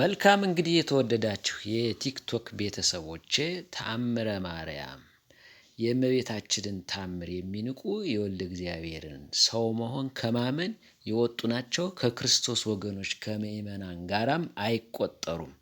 መልካም እንግዲህ የተወደዳችሁ የቲክቶክ ቤተሰቦች ተአምረ ማርያም የእመቤታችንን ታምር የሚንቁ የወልድ እግዚአብሔርን ሰው መሆን ከማመን የወጡ ናቸው። ከክርስቶስ ወገኖች ከምእመናን ጋራም አይቆጠሩም።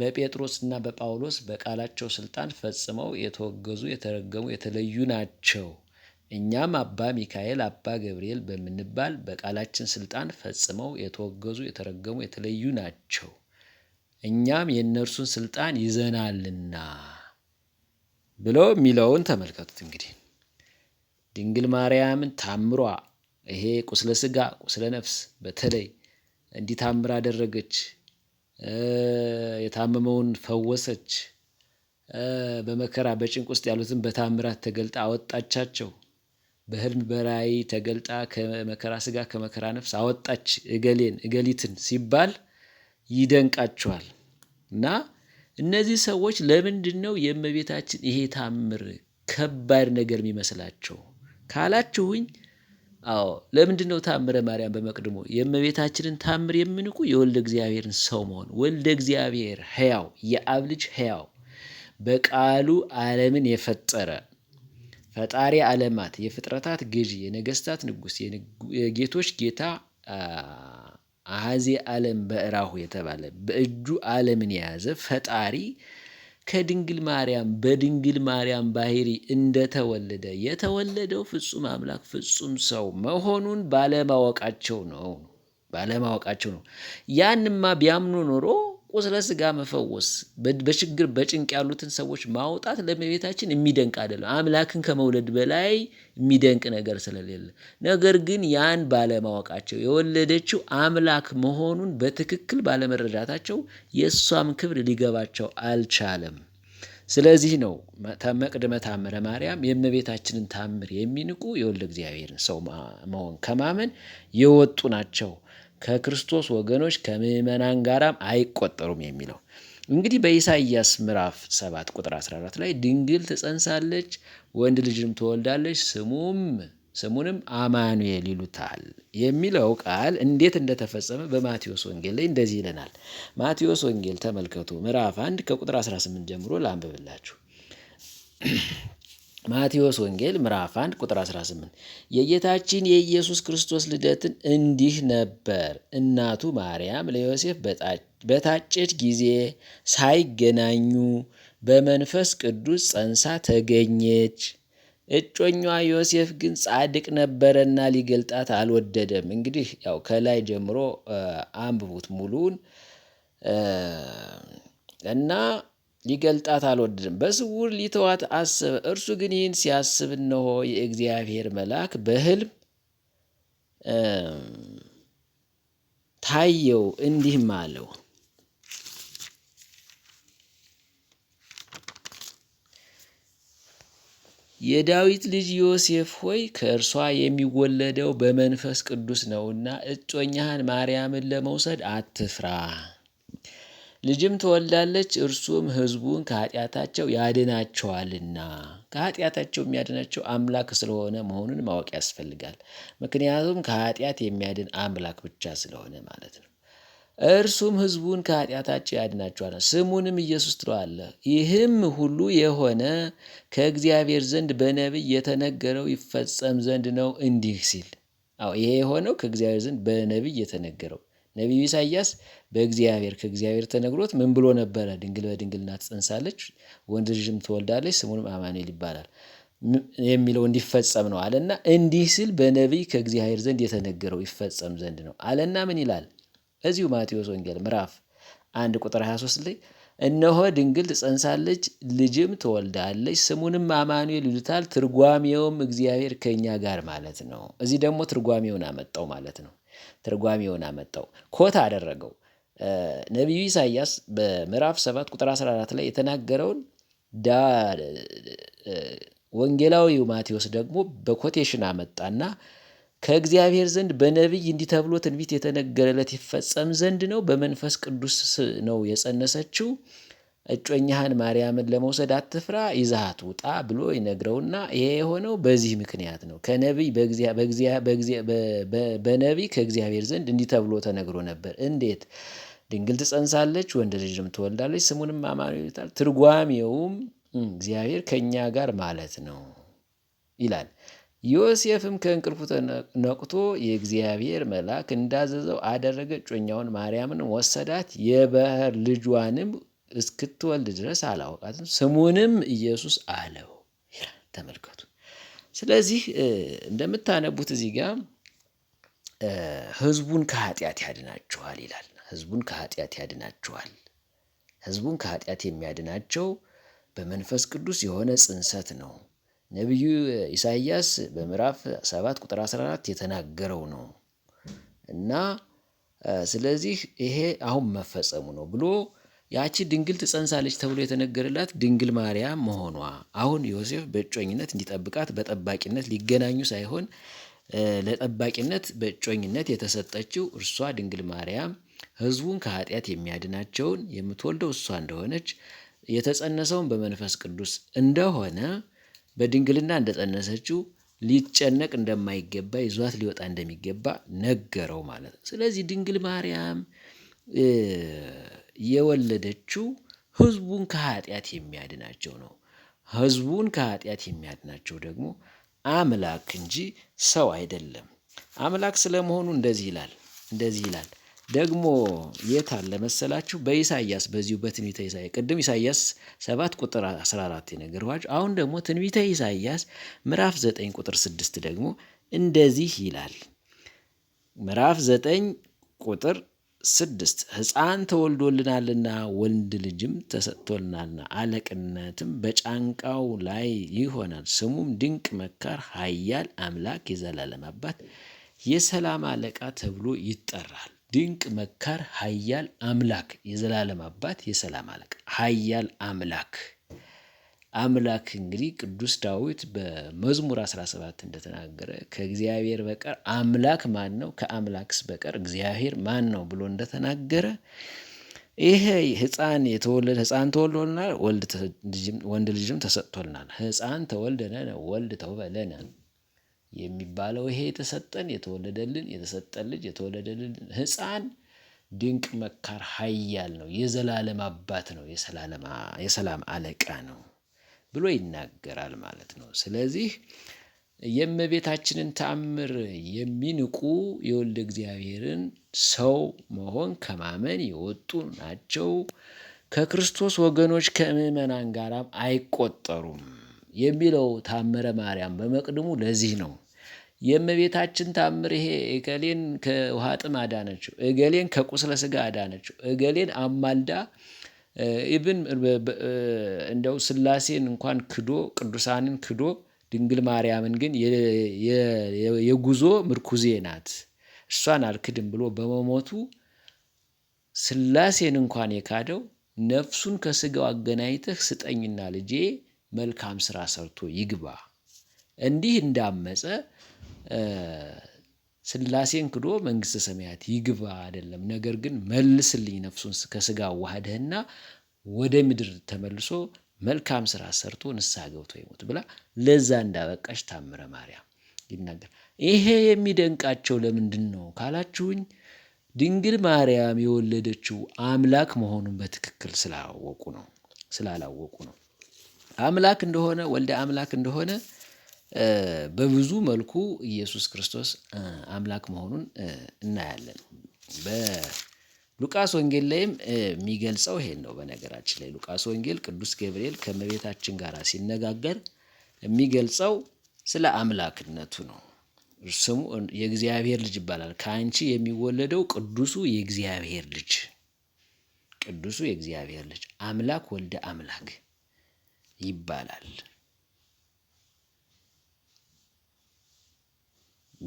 በጴጥሮስና በጳውሎስ በቃላቸው ስልጣን ፈጽመው የተወገዙ የተረገሙ፣ የተለዩ ናቸው። እኛም አባ ሚካኤል አባ ገብርኤል በምንባል በቃላችን ስልጣን ፈጽመው የተወገዙ የተረገሙ የተለዩ ናቸው። እኛም የእነርሱን ስልጣን ይዘናልና ብሎ የሚለውን ተመልከቱት። እንግዲህ ድንግል ማርያምን ታምሯ ይሄ ቁስለ ስጋ ቁስለ ነፍስ በተለይ እንዲህ ታምር አደረገች፣ የታመመውን ፈወሰች፣ በመከራ በጭንቅ ውስጥ ያሉትን በታምራት ተገልጣ አወጣቻቸው። በህልም በራእይ ተገልጣ ከመከራ ስጋ ከመከራ ነፍስ አወጣች እገሌን እገሊትን ሲባል ይደንቃቸዋል። እና እነዚህ ሰዎች ለምንድን ነው የእመቤታችን ይሄ ታምር ከባድ ነገር የሚመስላቸው ካላችሁኝ፣ አዎ ለምንድን ነው ታምረ ማርያም በመቅድሞ የእመቤታችንን ታምር የምንቁ? የወልደ እግዚአብሔርን ሰው መሆን ወልደ እግዚአብሔር ሕያው የአብ ልጅ ሕያው በቃሉ ዓለምን የፈጠረ ፈጣሪ ዓለማት የፍጥረታት ገዢ የነገስታት ንጉስ የጌቶች ጌታ አሐዜ ዓለም በእራሁ የተባለ በእጁ ዓለምን የያዘ ፈጣሪ ከድንግል ማርያም በድንግል ማርያም ባህሪ እንደተወለደ የተወለደው ፍጹም አምላክ ፍጹም ሰው መሆኑን ባለማወቃቸው ነው ባለማወቃቸው ነው። ያንማ ቢያምኑ ኖሮ ቁስለ ስጋ መፈወስ፣ በችግር በጭንቅ ያሉትን ሰዎች ማውጣት ለእመቤታችን የሚደንቅ አይደለም። አምላክን ከመውለድ በላይ የሚደንቅ ነገር ስለሌለ፣ ነገር ግን ያን ባለማወቃቸው የወለደችው አምላክ መሆኑን በትክክል ባለመረዳታቸው የእሷም ክብር ሊገባቸው አልቻለም። ስለዚህ ነው መቅድመ ታምረ ማርያም የእመቤታችንን ታምር የሚንቁ የወልደ እግዚአብሔርን ሰው መሆን ከማመን የወጡ ናቸው። ከክርስቶስ ወገኖች ከምእመናን ጋራም አይቆጠሩም የሚለው እንግዲህ በኢሳይያስ ምዕራፍ 7 ቁጥር 14 ላይ ድንግል ትጸንሳለች፣ ወንድ ልጅም ትወልዳለች፣ ስሙም ስሙንም አማኑኤል ይሉታል የሚለው ቃል እንዴት እንደተፈጸመ በማቴዎስ ወንጌል ላይ እንደዚህ ይለናል። ማቴዎስ ወንጌል ተመልከቱ፣ ምዕራፍ 1 ከቁጥር 18 ጀምሮ ላንብብላችሁ። ማቴዎስ ወንጌል ምዕራፍ 1 ቁጥር 18 የጌታችን የኢየሱስ ክርስቶስ ልደትን እንዲህ ነበር። እናቱ ማርያም ለዮሴፍ በታጨች ጊዜ ሳይገናኙ በመንፈስ ቅዱስ ጸንሳ ተገኘች። እጮኛዋ ዮሴፍ ግን ጻድቅ ነበረና ሊገልጣት አልወደደም። እንግዲህ ያው ከላይ ጀምሮ አንብቡት ሙሉን እና ሊገልጣት አልወደድም። በስውር ሊተዋት አሰበ። እርሱ ግን ይህን ሲያስብ እነሆ የእግዚአብሔር መልአክ በሕልም ታየው፣ እንዲህም አለው የዳዊት ልጅ ዮሴፍ ሆይ ከእርሷ የሚወለደው በመንፈስ ቅዱስ ነውና እጮኛህን ማርያምን ለመውሰድ አትፍራ። ልጅም ትወልዳለች እርሱም ህዝቡን ከኃጢአታቸው ያድናቸዋልና ከኃጢአታቸው የሚያድናቸው አምላክ ስለሆነ መሆኑን ማወቅ ያስፈልጋል። ምክንያቱም ከኃጢአት የሚያድን አምላክ ብቻ ስለሆነ ማለት ነው። እርሱም ህዝቡን ከኃጢአታቸው ያድናቸዋል። ስሙንም ኢየሱስ ትለዋለህ። ይህም ሁሉ የሆነ ከእግዚአብሔር ዘንድ በነቢይ የተነገረው ይፈጸም ዘንድ ነው እንዲህ ሲል አዎ ይሄ የሆነው ከእግዚአብሔር ዘንድ በነቢይ የተነገረው ነቢዩ ኢሳያስ በእግዚአብሔር ከእግዚአብሔር ተነግሮት ምን ብሎ ነበረ? ድንግል በድንግልና ትጸንሳለች፣ ወንድ ልጅም ትወልዳለች፣ ስሙንም አማኑኤል ይባላል የሚለው እንዲፈጸም ነው አለና እንዲህ ሲል በነቢይ ከእግዚአብሔር ዘንድ የተነገረው ይፈጸም ዘንድ ነው አለና ምን ይላል? እዚሁ ማቴዎስ ወንጌል ምዕራፍ አንድ ቁጥር 23 ላይ እነሆ ድንግል ትጸንሳለች፣ ልጅም ትወልዳለች፣ ስሙንም አማኑኤል ይሉታል፣ ትርጓሜውም እግዚአብሔር ከእኛ ጋር ማለት ነው። እዚህ ደግሞ ትርጓሜውን አመጣው ማለት ነው። ትርጓሜውን አመጣው፣ ኮት አደረገው። ነቢዩ ኢሳያስ በምዕራፍ 7 ቁጥር 14 ላይ የተናገረውን ወንጌላዊው ማቴዎስ ደግሞ በኮቴሽን አመጣና ከእግዚአብሔር ዘንድ በነቢይ እንዲህ ተብሎ ትንቢት የተነገረለት ይፈጸም ዘንድ ነው፣ በመንፈስ ቅዱስ ነው የጸነሰችው እጮኛህን ማርያምን ለመውሰድ አትፍራ ይዛሃት ውጣ ብሎ ይነግረውና ይሄ የሆነው በዚህ ምክንያት ነው። ከነቢይ በነቢይ ከእግዚአብሔር ዘንድ እንዲህ ተብሎ ተነግሮ ነበር። እንዴት ድንግል ትጸንሳለች፣ ወንድ ልጅም ትወልዳለች፣ ስሙንም አማኑኤል ይሉታል። ትርጓሜውም እግዚአብሔር ከእኛ ጋር ማለት ነው ይላል። ዮሴፍም ከእንቅልፉ ተነቅቶ የእግዚአብሔር መልአክ እንዳዘዘው አደረገ። እጮኛውን ማርያምን ወሰዳት፣ የባህር ልጇንም እስክትወልድ ድረስ አላወቃትም፣ ስሙንም ኢየሱስ አለው ይላል። ተመልከቱ። ስለዚህ እንደምታነቡት እዚህ ጋር ህዝቡን ከኃጢአት ያድናችኋል ይላል። ህዝቡን ከኃጢአት ያድናችኋል። ህዝቡን ከኃጢአት የሚያድናቸው በመንፈስ ቅዱስ የሆነ ጽንሰት ነው። ነቢዩ ኢሳይያስ በምዕራፍ 7 ቁጥር 14 የተናገረው ነው እና ስለዚህ ይሄ አሁን መፈጸሙ ነው ብሎ ያቺ ድንግል ትጸንሳለች ተብሎ የተነገረላት ድንግል ማርያም መሆኗ አሁን ዮሴፍ በእጮኝነት እንዲጠብቃት በጠባቂነት ሊገናኙ ሳይሆን ለጠባቂነት በእጮኝነት የተሰጠችው እርሷ ድንግል ማርያም ሕዝቡን ከኃጢአት የሚያድናቸውን የምትወልደው እሷ እንደሆነች የተጸነሰውን በመንፈስ ቅዱስ እንደሆነ በድንግልና እንደጸነሰችው ሊጨነቅ እንደማይገባ ይዟት ሊወጣ እንደሚገባ ነገረው ማለት ነው። ስለዚህ ድንግል ማርያም የወለደችው ህዝቡን ከኃጢአት የሚያድናቸው ነው። ህዝቡን ከኃጢአት የሚያድናቸው ደግሞ አምላክ እንጂ ሰው አይደለም። አምላክ ስለመሆኑ እንደዚህ ይላል እንደዚህ ይላል ደግሞ የት አለ መሰላችሁ? በኢሳያስ በዚሁ በትንቢተ ኢሳይያስ ቅድም ኢሳያስ 7 ቁጥር 14 የነገርኋችሁ፣ አሁን ደግሞ ትንቢተ ኢሳያስ ምዕራፍ 9 ቁጥር 6 ደግሞ እንደዚህ ይላል ምዕራፍ 9 ቁጥር ስድስት ሕፃን ተወልዶልናልና ወንድ ልጅም ተሰጥቶልናልና አለቅነትም በጫንቃው ላይ ይሆናል። ስሙም ድንቅ መካር፣ ኃያል አምላክ፣ የዘላለም አባት፣ የሰላም አለቃ ተብሎ ይጠራል። ድንቅ መካር፣ ኃያል አምላክ፣ የዘላለም አባት፣ የሰላም አለቃ፣ ኃያል አምላክ አምላክ እንግዲህ ቅዱስ ዳዊት በመዝሙር 17 እንደተናገረ ከእግዚአብሔር በቀር አምላክ ማን ነው? ከአምላክስ በቀር እግዚአብሔር ማን ነው ብሎ እንደተናገረ ይሄ ህፃን የተወለደ ህፃን ተወልዶልናል፣ ወንድ ልጅም ተሰጥቶልናል። ህፃን ተወልደነ ወልድ ተውበለነ የሚባለው ይሄ የተሰጠን የተወለደልን የተሰጠን ልጅ የተወለደልን ህፃን ድንቅ መካር ኃያል ነው። የዘላለም አባት ነው። የሰላም አለቃ ነው። ብሎ ይናገራል ማለት ነው። ስለዚህ የእመቤታችንን ተአምር የሚንቁ የወልደ እግዚአብሔርን ሰው መሆን ከማመን የወጡ ናቸው። ከክርስቶስ ወገኖች ከምዕመናን ጋራም አይቆጠሩም የሚለው ታምረ ማርያም በመቅድሙ ለዚህ ነው። የእመቤታችን ታምር ይሄ እገሌን ከውሃ ጥም አዳነችው፣ እገሌን ከቁስለ ሥጋ አዳነችው፣ እገሌን አማልዳ ኢብን እንደው ስላሴን እንኳን ክዶ ቅዱሳንን ክዶ ድንግል ማርያምን ግን የጉዞ ምርኩዜ ናት እሷን አልክድም ብሎ በመሞቱ ስላሴን እንኳን የካደው ነፍሱን ከስጋው አገናኝተህ ስጠኝና ልጄ መልካም ስራ ሰርቶ ይግባ እንዲህ እንዳመፀ ስላሴን ክዶ መንግስተ ሰማያት ይግባ አይደለም። ነገር ግን መልስልኝ ነፍሱን ከስጋ ዋህደህና ወደ ምድር ተመልሶ መልካም ስራ ሰርቶ ንስሐ ገብቶ ይሞት ብላ ለዛ እንዳበቃሽ ታምረ ማርያም ይናገር። ይሄ የሚደንቃቸው ለምንድን ነው ካላችሁኝ ድንግል ማርያም የወለደችው አምላክ መሆኑን በትክክል ስላወቁ ነው ስላላወቁ ነው። አምላክ እንደሆነ ወልደ አምላክ እንደሆነ በብዙ መልኩ ኢየሱስ ክርስቶስ አምላክ መሆኑን እናያለን። በሉቃስ ወንጌል ላይም የሚገልጸው ይሄን ነው። በነገራችን ላይ ሉቃስ ወንጌል ቅዱስ ገብርኤል ከመቤታችን ጋር ሲነጋገር የሚገልጸው ስለ አምላክነቱ ነው። ስሙ የእግዚአብሔር ልጅ ይባላል። ከአንቺ የሚወለደው ቅዱሱ የእግዚአብሔር ልጅ ቅዱሱ የእግዚአብሔር ልጅ አምላክ ወልደ አምላክ ይባላል።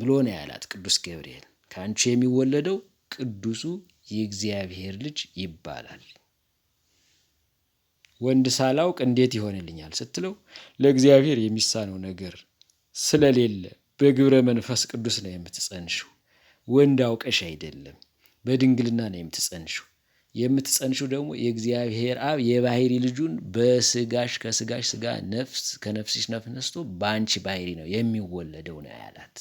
ብሎ ነው ያላት ቅዱስ ገብርኤል። ከአንቺ የሚወለደው ቅዱሱ የእግዚአብሔር ልጅ ይባላል። ወንድ ሳላውቅ እንዴት ይሆንልኛል ስትለው ለእግዚአብሔር የሚሳነው ነገር ስለሌለ በግብረ መንፈስ ቅዱስ ነው የምትጸንሽው። ወንድ አውቀሽ አይደለም፣ በድንግልና ነው የምትጸንሽው። የምትጸንሽው ደግሞ የእግዚአብሔር አብ የባህሪ ልጁን በስጋሽ ከስጋሽ ስጋ ነፍስ ከነፍስሽ ነፍስ ነስቶ በአንቺ ባህሪ ነው የሚወለደው ነው ያላት።